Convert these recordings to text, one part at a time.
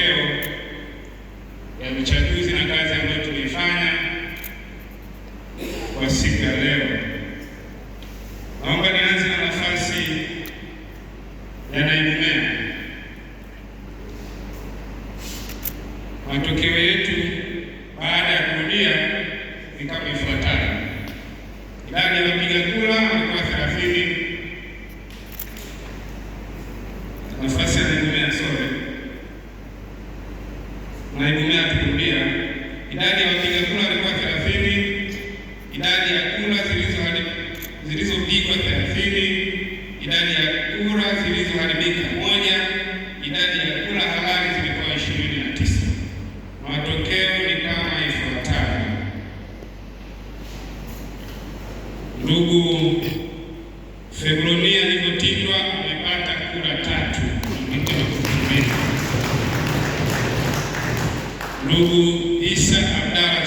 matokeo ya uchaguzi na kazi ambayo tumeifanya kwa siku ya leo. Naomba nianze na nafasi ya naibu meya. Matokeo yetu baada ya kurudia ni kama ifuatavyo: idadi ya wapiga kura ilikuwa thelathini iliyopigwa thelathini, idadi ya kura zilizoharibika moja, idadi ya kura halali zilikuwa 29 Matokeo ni kama ifuatavyo. Ndugu Febronia Nikotindwa amepata kura tatu. Ndugu Isa Abdalla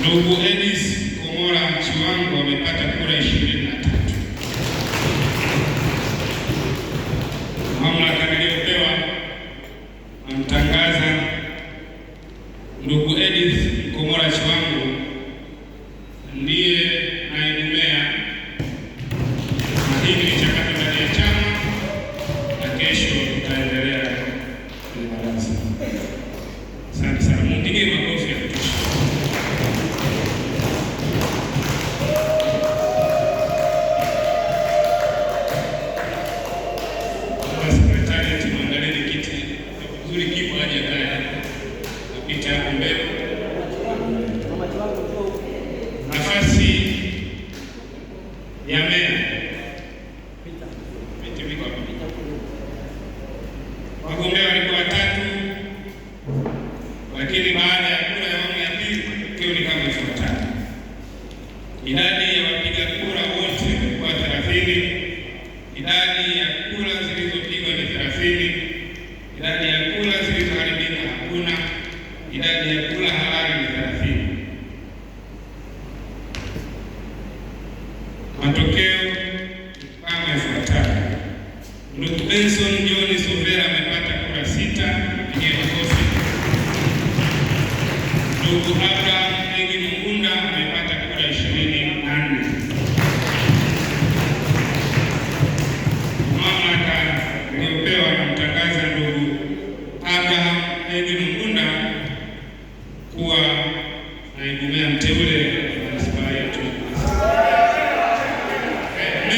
Ndugu Edis Komora Chiwango amepata kura ishirini na tatu. Mamlaka niliyopewa namtangaza ndugu Edis Komora chiwangu ndiye naibu meya, na hii ni chakato ndani ya chama, na kesho tutaendelea kuimarisha. Asante sana. Galaya nafasi ya meya Wagombea walikuwa watatu, lakini baada ya kura ya awamu ya pili matokeo ni kama ifuatavyo: idadi ya wapiga kura wote ilikuwa thelathini. Idadi ya kura zilizopigwa ni thelathini. Idadi ya idadi ya kura halali ni thelathini. Matokeo kama ifuatavyo: ndugu Benson John Sovera amepata kura sita, pigie makofi. Ndugu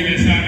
ముఖ్య దేశాన్ని